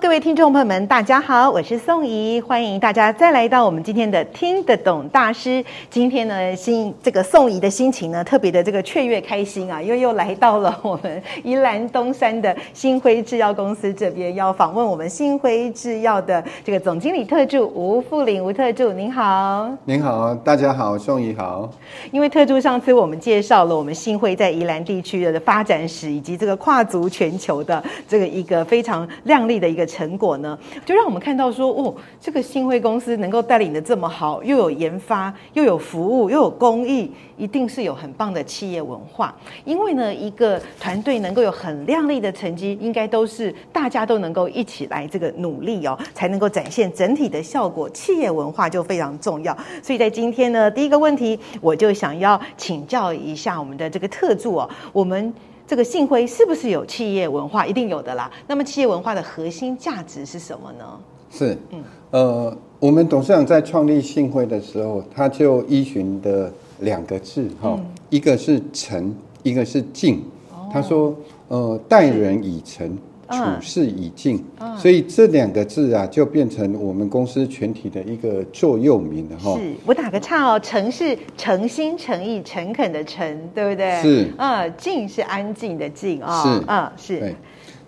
各位聽眾朋友們，大家好，我是宋怡，歡迎大家再來到我們今天的聽得懂大師。今天呢，心這個宋怡的心情呢，特別的這個雀躍開心啊，因為又來到了我們宜蘭冬山的新輝製藥公司這邊，要訪問我們杏輝製藥的這個總經理特助吳富林。吳特助您好。您好，大家好，宋怡好。因為特助上次我們介紹了我們杏輝在宜蘭地區的發展史，以及這個跨足全球的這個一個非常亮麗的一個。成果呢，就讓我們看到說，哦，這個杏輝公司能夠帶領的這麼好，又有研發，又有服務，又有公益，一定是有很棒的企業文化。因為呢，一個團隊能夠有很亮麗的成績，應該都是大家都能夠一起來這個努力哦，才能夠展現整體的效果。企業文化就非常重要。所以在今天呢，第一個問題，我就想要請教一下我們的這個特助哦，我們。這個杏輝是不是有企業文化？一定有的啦。那麼企業文化的核心價值是什麼呢？是，嗯，呃，我們董事長在創立杏輝的時候，他就依循的兩個字哈、嗯，一個是誠，一個是靜、哦。他說，呃，待人以誠。嗯處事以靜、哦哦，所以這兩個字啊，就變成我們公司全體的一個座右銘的哈。是，我打個岔哦，誠是誠心誠意、誠懇的誠，對不對？是。啊、哦，靜是安靜的靜啊。是。啊、哦哦，是。對。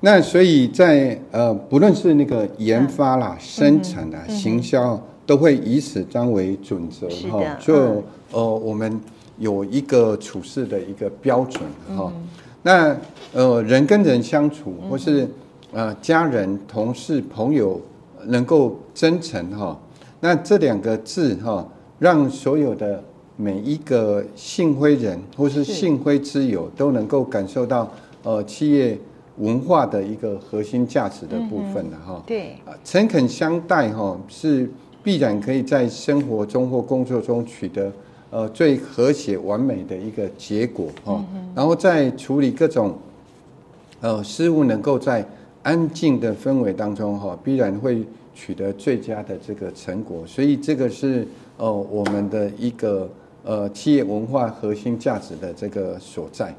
那所以在呃，不論是那個研發啦、嗯、生產啊、嗯、行銷、嗯，都會以此當為準則哈、哦。就呃、嗯，我們有一個處事的一個標準哈。嗯嗯那呃，人跟人相處，或是呃，家人、同事、朋友能，能夠真誠哈。那這兩個字哈、哦，讓所有的每一個杏輝人或是杏輝之友都能夠感受到呃企業文化的一個核心價值的部分了哈、嗯。對，誠懇相待哈、哦，是必然可以在生活中或工作中取得。呃，最和諧完美的一個結果哈、哦，然後在處理各種，呃，事務能夠在安靜的氛圍當中哈、哦，必然會取得最佳的這個成果，所以這個是呃我們的一個呃企業文化核心價值的這個所在。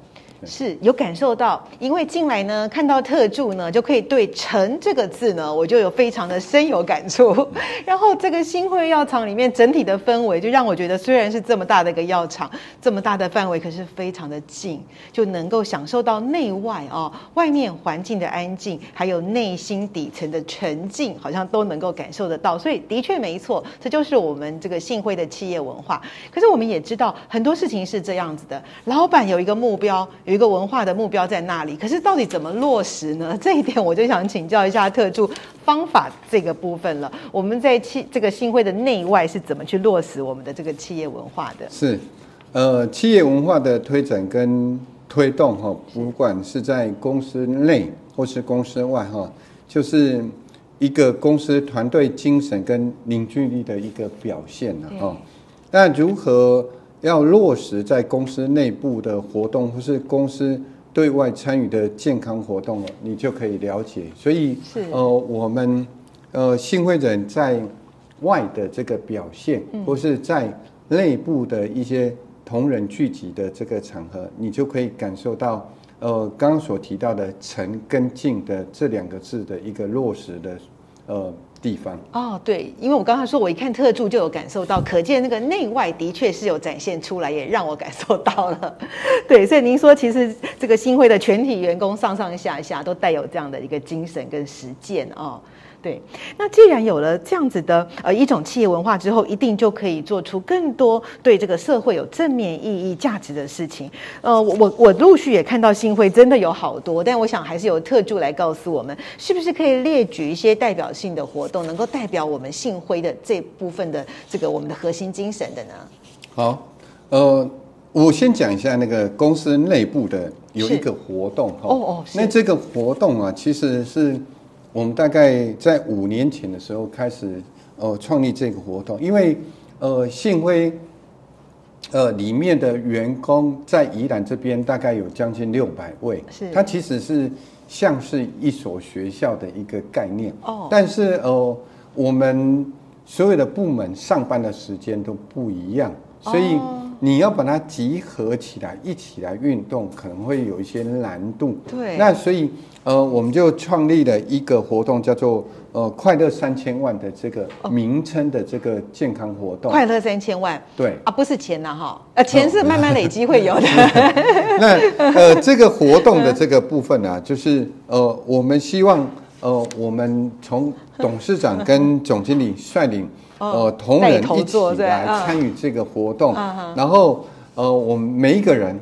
是有感受到，因為進來呢，看到特助呢，就可以對“誠”這個字呢，我就有非常的深有感觸。然後這個杏輝藥廠裡面整體的氛圍，就讓我覺得，雖然是這麼大的一個藥廠，這麼大的範圍，可是非常的靜，就能夠享受到內外哦，外面環境的安靜，還有內心底層的沉靜，好像都能夠感受得到。所以的確沒錯，這就是我們這個杏輝的企業文化。可是我們也知道，很多事情是這樣子的，老板有一個目標。有一個文化的目標在那裡，可是到底怎麼落實呢？這一點我就想請教一下特助方法這個部分了。我們在企這個杏輝的內外是怎麼去落實我們的這個企業文化的？是，呃，企業文化的推展跟推動哈、哦，不管是在公司內或是公司外哈、哦，就是一個公司團隊精神跟凝聚力的一個表現了哈、哦。那如何？要落實在公司內部的活動，或是公司對外參與的健康活動了，你就可以了解。所以，是呃，我們呃杏輝人在外的這個表現，或是在內部的一些同仁聚集的這個場合，你就可以感受到呃剛剛所提到的“誠跟靜”的這兩個字的一個落實的呃。地方哦，對，因為我剛才說，我一看特助就有感受到，可見那個內外的確是有展現出來，也讓我感受到了。對，所以您說，其實這個杏輝的全體員工上上下下都帶有這樣的一個精神跟實踐哦。對，那既然有了這樣子的呃一種企業文化之後，一定就可以做出更多對這個社會有正面意義、價值的事情。呃，我我陸續也看到杏輝真的有好多，但我想還是有特助來告訴我們，是不是可以列舉一些代表性的活動，能夠代表我們杏輝的這部分的這個我們的核心精神的呢？好，呃，我先講一下那個公司內部的有一個活動哈，哦哦，那這個活動啊，其實是。我們大概在五年前的時候開始，呃，創立這個活動，因為呃，杏輝呃裡面的員工在宜蘭這邊大概有將近六百位，是它其實是像是一所學校的一個概念，哦，但是呃我們所有的部門上班的時間都不一樣，所以。哦你要把它集合起來，一起來運動，可能會有一些難度。對。那所以，呃，我們就創立了一個活動，叫做“呃快樂三千萬”的這個名稱的這個健康活動。快樂三千萬。對。啊、哦，不是錢吶、啊。哈，呃，錢是慢慢累積會有的。哦、呃 那呃，這個活動的這個部分呢、啊，就是呃，我們希望呃，我們從董事長跟總經理率領。呃，同仁一起來參與這個活動，哦、然後呃，我們每一個人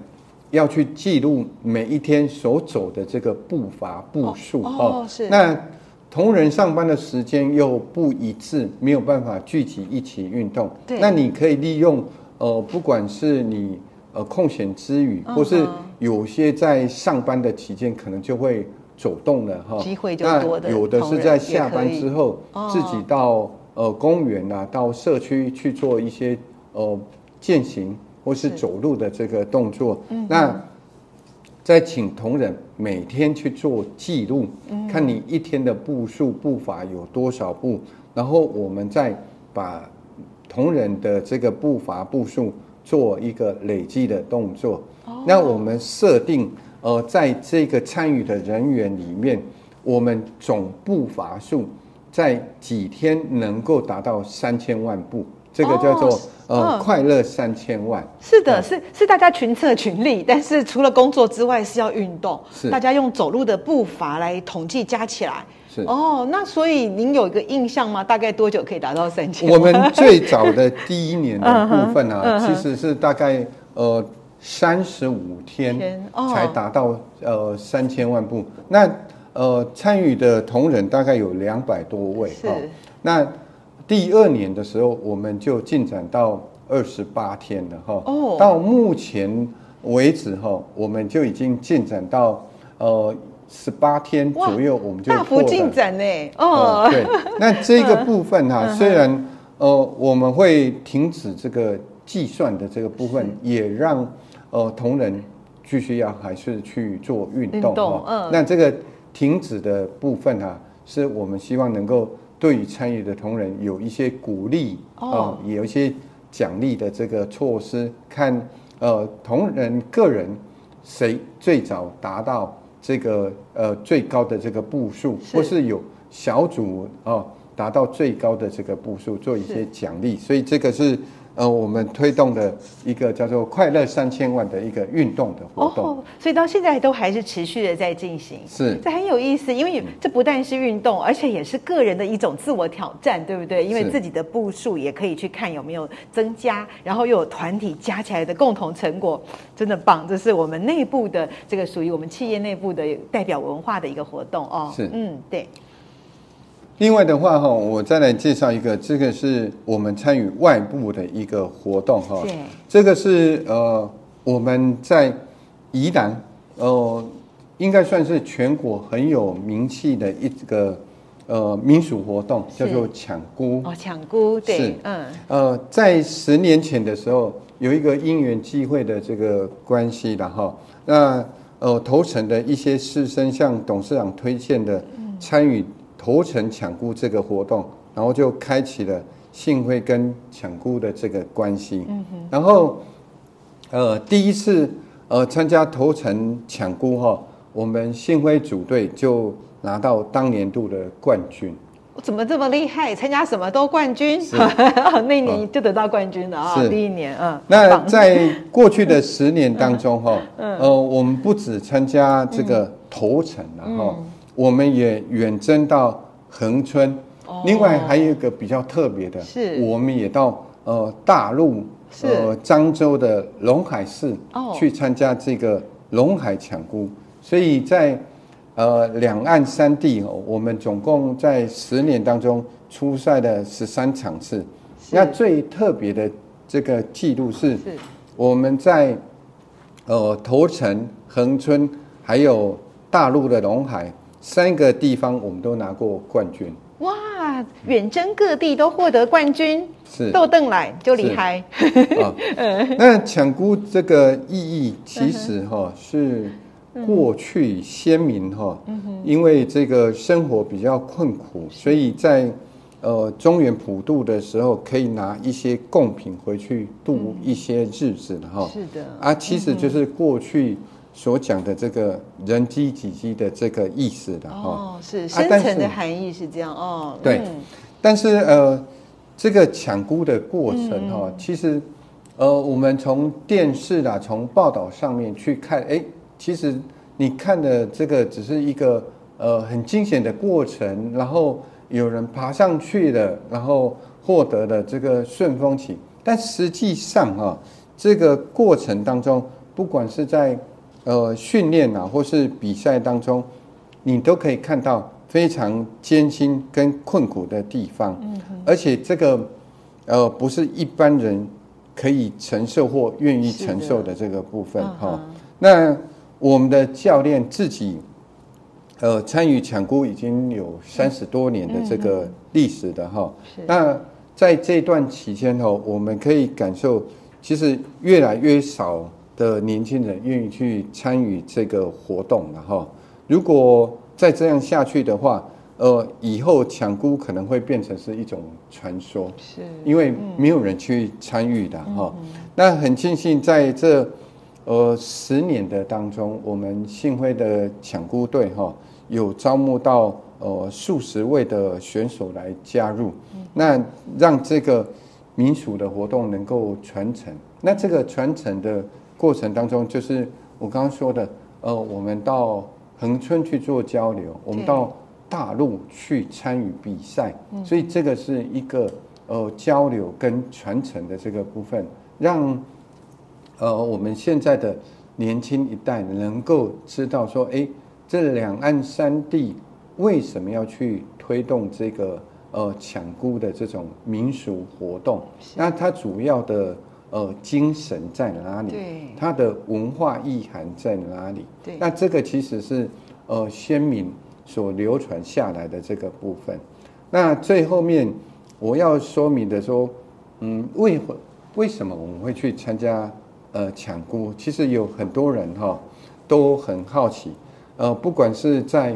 要去記錄每一天所走的這個步伐步數哦，哦，是。那同仁上班的時間又不一致，沒有辦法聚集一起運動。對。那你可以利用呃，不管是你呃空閒之餘，或是有些在上班的期間，可能就會走動了哈。機會就多的，那有的是在下班之後、哦、自己到。呃，公園啊，到社區去做一些呃健行或是走路的這個動作。嗯、那再請同仁每天去做記錄，嗯、看你一天的步數、步伐有多少步，然後我們再把同仁的這個步伐步數做一個累計的動作、哦。那我們設定呃，在這個參與的人員裡面，我們總步伐數。在幾天能夠達到三千萬步，這個叫做、哦、呃、嗯、快樂三千萬。是的，嗯、是是大家群策群力，但是除了工作之外是要運動是，大家用走路的步伐來統計加起來。是哦，那所以您有一個印象嗎？大概多久可以達到三千萬？我們最早的第一年的部分呢、啊， 其實是大概呃三十五天才達到呃三千萬步。那呃，參與的同仁大概有兩百多位哈、哦。那第二年的時候，我們就進展到二十八天了哈。哦。到目前為止哈，呃、我們就已經進展到呃十八天左右，我們就大幅進展呢。哦、呃，對。那這個部分哈、啊嗯，雖然呃我們會停止這個計算的這個部分，也讓呃同仁繼續要還是去做運動哈。嗯、哦。那這個。停止的部分啊，是我們希望能夠對於參與的同仁有一些鼓勵哦，呃、也有一些獎勵的這個措施，看呃同仁個人誰最早達到這個呃最高的這個步數，或是有小組哦、呃、達到最高的這個步數做一些獎勵，所以這個是。呃，我們推動的一個叫做“快樂三千萬”的一個運動的活動，oh, 所以到現在都還是持續的在進行。是，這很有意思，因為這不但是運動，嗯，而且也是個人的一種自我挑戰，對不對？因為自己的步數也可以去看有沒有增加，然後又有團體加起來的共同成果，真的棒！這是我們內部的這個屬於我們企業內部的代表文化的一個活動哦。是，嗯，對。另外的話哈，我再來介紹一個，這個是我們參與外部的一個活動哈。對。這個是呃我們在宜蘭，呃，應該算是全國很有名氣的一個呃民俗活動，叫做搶孤。哦，搶孤對，嗯。呃，在十年前的時候，有一個因緣際會的這個關係的哈，那呃頭城的一些士紳向董事長推薦的參與。嗯。頭城搶孤這個活動，然後就開啟了杏輝跟搶孤的這個關係，嗯。然後，呃，第一次呃參加頭城搶孤哈，我們杏輝組隊就拿到當年度的冠軍。我怎麼這麼厲害？參加什麼都冠軍， 哦，那年就得到冠軍了啊，哦！第一年，嗯，哦。那在過去的十年當中哈， 嗯，呃，我們不止參加這個頭城了哈。嗯我們也遠征到恆春，另外還有一個比較特別的，是我們也到呃大陸呃漳州的龍海市去參加這個龍海搶孤，所以在呃兩岸三地哦，我們總共在十年當中出賽了十三場次，那最特別的這個記錄是我們在呃頭城、恆春還有大陸的龍海。三個地方我們都拿過冠軍。哇，遠征各地都獲得冠軍，是豆鄧來就厲害。呃、 那搶孤這個意義其實哈是過去先民哈，因為這個生活比較困苦，嗯、所以在呃中元普渡的時候可以拿一些供品回去度一些日子哈、嗯。是的，啊，其實就是過去。所講的這個人機擠機的這個意思的哈，哦，是深層的含義是這樣哦、啊、是哦。對，但是呃，這個搶孤的過程哈、嗯嗯，其實呃，我們從電視啦、啊、從報道上面去看，哎、欸，其實你看的這個只是一個呃很驚險的過程，然後有人爬上去了，然後獲得了這個順風旗，但實際上啊這個過程當中，不管是在呃，訓練啊，或是比賽當中，你都可以看到非常艱辛跟困苦的地方，嗯、而且這個呃不是一般人可以承受或願意承受的這個部分哈、哦。那我們的教練自己呃參與搶孤已經有三十多年的這個歷史的哈、嗯。那在這段期間哦，我們可以感受，其實越來越少，的年輕人願意去參與這個活動，然後如果再這樣下去的話，呃，以後搶孤可能會變成是一種傳說，是，因為沒有人去參與的哈、嗯。那很慶幸在這呃十年的當中，我們杏輝的搶孤隊哈，有招募到呃數十位的選手來加入，那讓這個民俗的活動能夠傳承，那這個傳承的。過程當中，就是我剛剛說的，呃，我們到恆春去做交流，我們到大陸去參與比賽，嗯，所以這個是一個呃交流跟傳承的這個部分，讓呃我們現在的年輕一代能夠知道說，哎、欸，這兩岸三地為什麼要去推動這個呃搶孤的這種民俗活動？那它主要的。呃，精神在哪裡？對，它的文化意涵在哪裡？對，那這個其實是呃，先民所流傳下來的這個部分。那最後面我要說明的說，嗯，為為什麼我們會去參加呃搶孤？其實有很多人哈、哦，都很好奇。呃，不管是在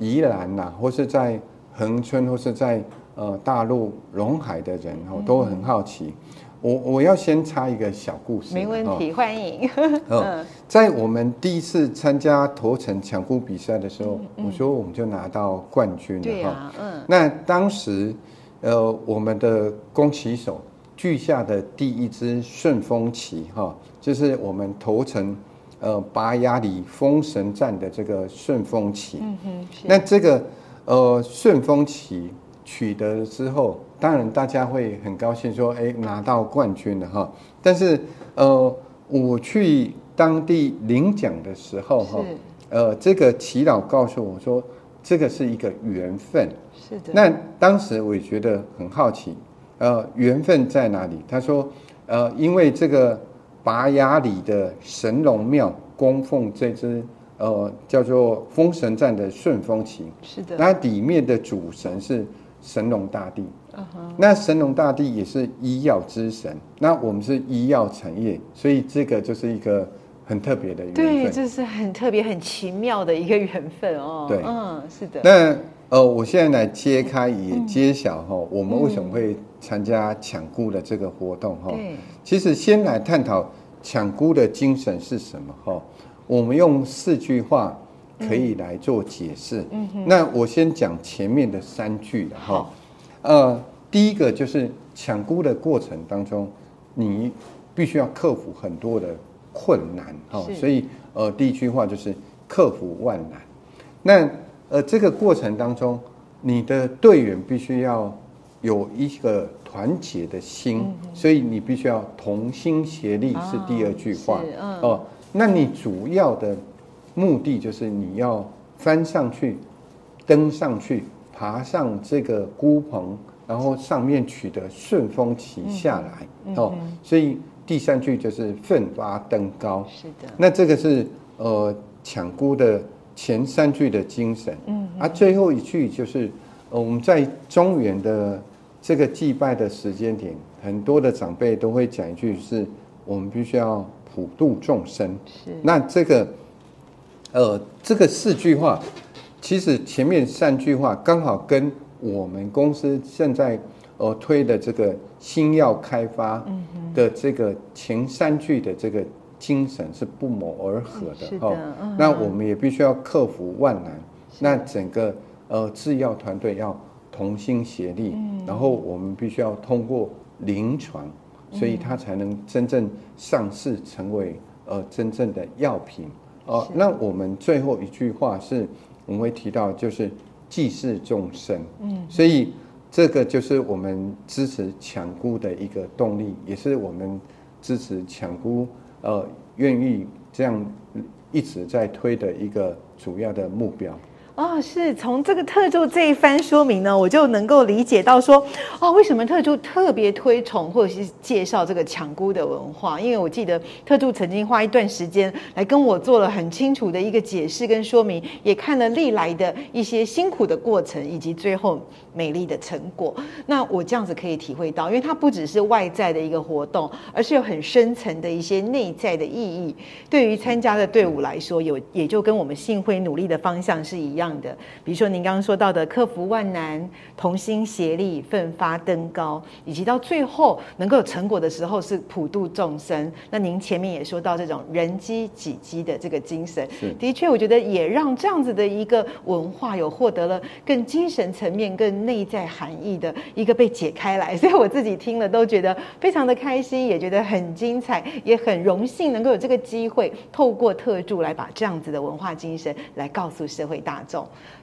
宜蘭吶、啊，或是在恆春，或是在呃大陸龍海的人哈、哦，都很好奇。嗯我我要先插一個小故事。沒問題，哦、歡迎。嗯、 哦，在我們第一次參加頭城搶孤比賽的時候、嗯嗯，我說我們就拿到冠軍了哈。嗯、哦，那當時呃，我們的攻旗手鋸下的第一支順風旗哈、哦，就是我們頭城呃拔雅里封神戰的這個順風旗。嗯哼，那這個呃順風旗。取得之後，當然大家會很高興，說：“哎、欸，拿到冠軍了哈！”但是，呃，我去當地領獎的時候，哈，呃，這個耆老告訴我說，這個是一個緣分。是的。那當時我也覺得很好奇，呃，緣分在哪裡？他說，呃，因為這個拔雅里的神龍廟供奉這支呃叫做《封神戰》的順風旗。是的。那裡面的主神是。神農大帝，那神農大帝也是醫藥之神。那我們是醫藥產業，所以這個就是一個很特別的緣分。對，這是很特別、很奇妙的一個緣分哦。對，嗯，是的。那呃，我現在來揭開、也揭曉哈、哦嗯，我們為什麼會參加搶孤的這個活動哈、哦嗯？其實先來探討搶孤的精神是什麼哈、哦？我們用四句話。可以來做解釋。嗯，那我先講前面的三句了哈。呃，第一個就是搶孤的過程當中，你必須要克服很多的困難。哦、所以呃第一句話就是克服萬難。那呃這個過程當中，你的隊員必須要有一個團結的心、嗯，所以你必須要同心協力、啊、是第二句話。哦、嗯呃，那你主要的。目的就是你要翻上去，登上去，爬上這個孤棚，然後上面取得順風旗下來哦，嗯嗯。所以第三句就是奮發登高。是的。那這個是呃搶孤的前三句的精神。嗯。啊，最後一句就是呃我們在中元的這個祭拜的時間點，很多的長輩都會講一句是：是我們必須要普度眾生。是。那這個。呃，這個四句話，其實前面三句話剛好跟我們公司現在呃推的這個新藥開發的這個前三句的這個精神是不謀而合的。嗯，是的，嗯，哦。那我們也必須要克服萬難，那整個呃製藥團隊要同心協力，嗯，然後我們必須要通過臨床，所以它才能真正上市成為呃真正的藥品。哦、呃，那我們最後一句話是我們會提到，就是濟世眾生。嗯，所以這個就是我們支持搶孤的一個動力，也是我們支持搶孤呃願意這樣一直在推的一個主要的目標。哦，是從這個特助這一番說明呢，我就能夠理解到說，啊、哦，為什麼特助特別推崇，或者是介紹這個搶孤的文化？因為我記得特助曾經花一段時間來跟我做了很清楚的一個解釋跟說明，也看了歷來的一些辛苦的過程以及最後美麗的成果。那我這樣子可以體會到，因為它不只是外在的一個活動，而是有很深層的一些內在的意義。對於參加的隊伍來說，有也就跟我們杏輝努力的方向是一樣樣的，比如說您剛剛說到的克服萬難、同心協力、奮發登高，以及到最後能夠有成果的時候是普渡眾生。那您前面也說到這種人飢己飢的這個精神，是的確，我覺得也讓這樣子的一個文化有獲得了更精神層面、更內在含義的一個被解開來。所以我自己聽了都覺得非常的開心，也覺得很精彩，也很榮幸能夠有這個機會透過特助來把這樣子的文化精神來告訴社會大眾。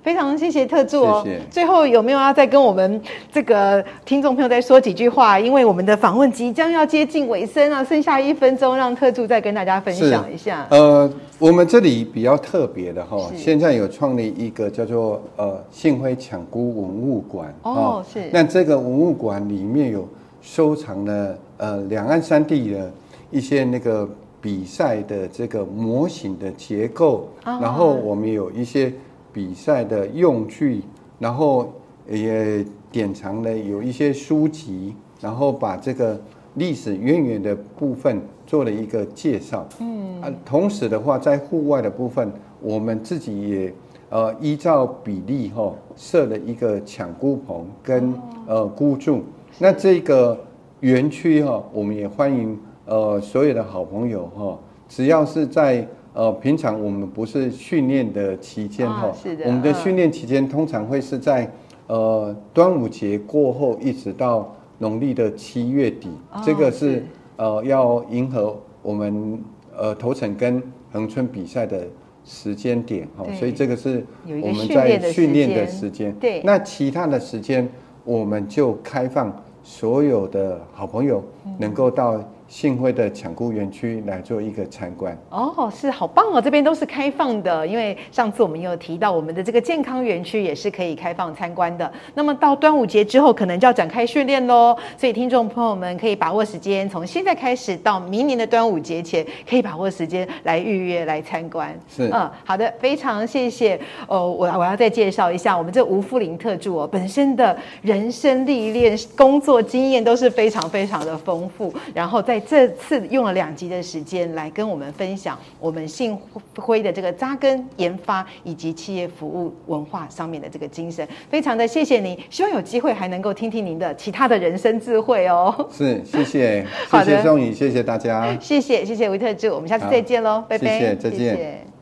非常謝謝特助哦。最後有沒有要再跟我們這個聽眾朋友再說幾句話，啊？因為我們的訪問即將要接近尾聲，啊剩下一分鐘，讓特助再跟大家分享一下。呃，我們這裡比較特別的哈，現在有創立一個叫做呃“杏輝搶孤文物館”哦，是哦。那這個文物館裡面有收藏了呃兩岸三地的一些那個比賽的這個模型的結構，啊、然後我們有一些。比賽的用具，然後也典藏了有一些書籍，然後把這個歷史淵源的部分做了一個介紹。嗯，啊，同時的話，在戶外的部分，我們自己也呃依照比例哈設了一個搶孤棚跟呃孤柱。那這個園區哈，我們也歡迎呃所有的好朋友哈，只要是在。呃，平常我們不是訓練的期間哈、哦，我們的訓練期間通常會是在、嗯、呃端午節過後一直到農曆的七月底，哦、這個是呃要迎合我們呃頭城跟恆春比賽的時間點哈，所以這個是我們在訓練的時間。對，對那其他的時間我們就開放所有的好朋友能夠到。杏輝的搶孤園區來做一個參觀哦，oh, 是好棒哦！這邊都是開放的，因為上次我們有提到，我們的這個健康園區也是可以開放參觀的。那麼到端午節之後，可能就要展開訓練嘍。所以聽眾朋友們可以把握時間，從現在開始到明年的端午節前，可以把握時間來預約來參觀。是嗯，好的，非常謝謝。哦，我我要再介紹一下我們這吳富林特助哦，本身的人生歷練、工作經驗都是非常非常的豐富，然後再。這次用了兩集的時間來跟我們分享我們杏輝的這個扎根研發以及企業服務文化上面的這個精神，非常的謝謝您，希望有機會還能夠聽聽您的其他的人生智慧哦。是，謝謝，謝謝宋宇，謝謝大家，謝謝，謝謝韋特助，我們下次再見嘍，拜拜，謝謝再見。謝謝